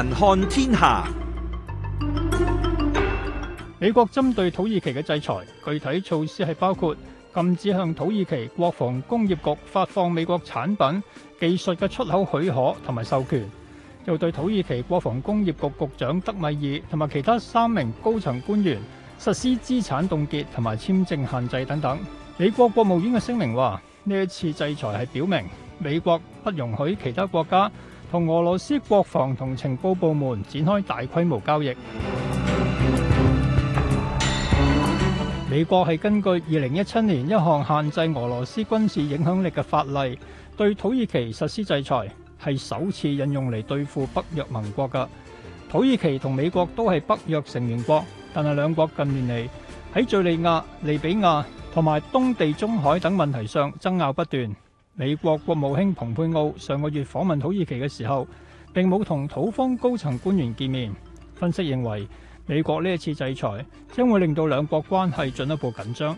環看天下，美國針對土耳其嘅制裁，具體措施係包括禁止向土耳其國防工業局發放美國產品、技術嘅出口許可同埋授權，又對土耳其國防工業局局長德米爾同埋其他三名高層官員實施資產凍結同埋簽證限制等等。美國國務院嘅聲明話，呢一次制裁係表明美國不容許其他國家。同俄羅斯國防同情報部門展開大規模交易。美國係根據二零一七年一項限制俄羅斯軍事影響力嘅法例，對土耳其實施制裁，係首次引用嚟對付北約盟國㗎。土耳其同美國都係北約成員國，但係兩國近年嚟喺敘利亞、利比亞同埋東地中海等問題上爭拗不斷。美國國務卿蓬佩奧上個月訪問土耳其嘅時候，並冇同土方高層官員見面。分析認為，美國呢一次制裁將會令到兩國關係進一步緊張。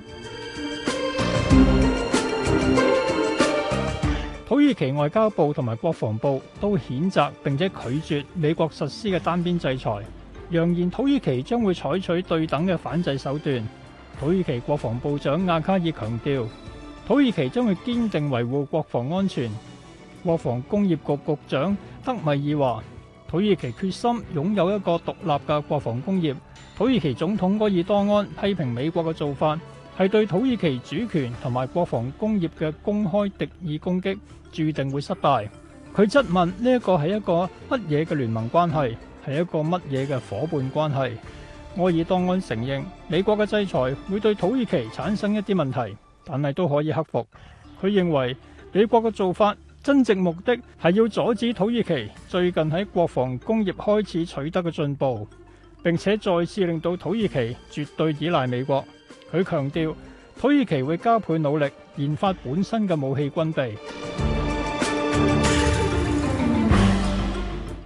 土耳其外交部同埋國防部都譴責並且拒絕美國實施嘅單邊制裁，揚言土耳其將會採取對等嘅反制手段。土耳其國防部長阿卡爾強調，土耳其將會堅定維護國防安全。國防工業局局長德米爾話，土耳其決心擁有一個獨立嘅國防工業。土耳其總統埃爾多安批評美國嘅做法係對土耳其主權同埋國防工業嘅公開敵意攻擊，注定會失敗。佢質問呢、這個、一個係一個乜嘢嘅聯盟關係，係一個乜嘢嘅伙伴關係？埃爾多安承認美國嘅制裁會對土耳其產生一啲問題。但係都可以克服。佢認為美國嘅做法真正目的係要阻止土耳其最近喺國防工業開始取得嘅進步，並且再次令到土耳其絕對依賴美國。佢強調土耳其會加倍努力研發本身嘅武器軍備。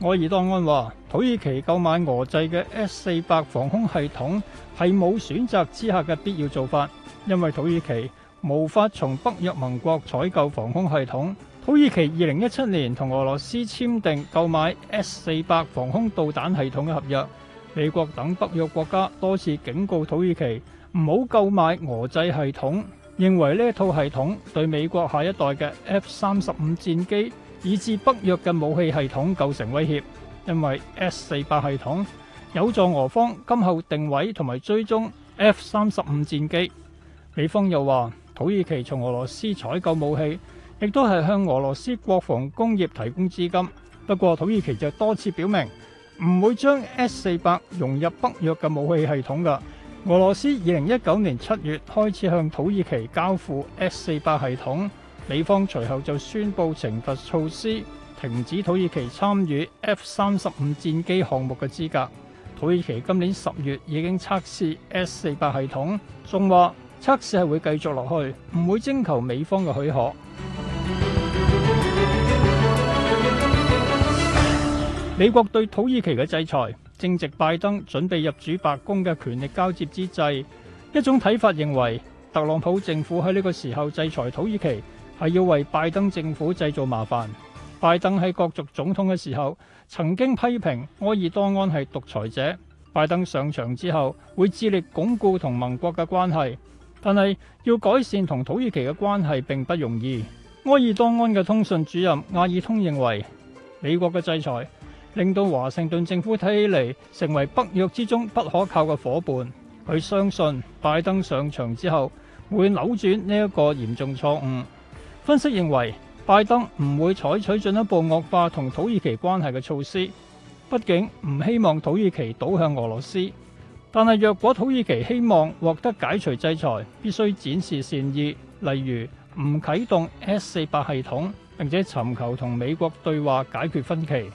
埃爾多安話：土耳其購買俄製嘅 S 四百防空系統係冇選擇之下嘅必要做法，因為土耳其。無法從北約盟國採購防空系統。土耳其2017年同俄羅斯簽訂購買 S-400 防空導彈系統嘅合約。美國等北約國家多次警告土耳其唔好購買俄製系統，認為呢一套系統對美國下一代嘅 F-35 戰機以至北約嘅武器系統構成威脅，因為 S-400 系統有助俄方今後定位同埋追蹤 F-35 戰機。美方又話。土耳其從俄羅斯採購武器，亦都係向俄羅斯國防工業提供資金。不過，土耳其就多次表明唔會將 S 四百融入北約嘅武器系統。噶，俄羅斯二零一九年七月開始向土耳其交付 S 四百系統，美方隨後就宣布懲罰措施，停止土耳其參與 F 三十五戰機項目嘅資格。土耳其今年十月已經測試 S 四百系統，仲話。測試係會繼續落去，唔會徵求美方嘅許可。美國對土耳其嘅制裁，正值拜登準備入主白宮嘅權力交接之際。一種睇法認為，特朗普政府喺呢個時候制裁土耳其係要為拜登政府製造麻煩。拜登喺角逐總統嘅時候曾經批評埃爾多安係獨裁者。拜登上場之後會致力鞏固同盟國嘅關係。但係要改善同土耳其嘅關係並不容易。埃爾多安嘅通訊主任亞爾通認為，美國嘅制裁令到華盛頓政府睇起嚟，成為北約之中不可靠嘅夥伴。佢相信拜登上場之後會扭轉呢一個嚴重錯誤。分析認為，拜登唔會採取進一步惡化同土耳其關係嘅措施，畢竟唔希望土耳其倒向俄羅斯。但係，若果土耳其希望獲得解除制裁，必須展示善意，例如唔啟動 S 四百系統，並且尋求同美國對話解決分歧。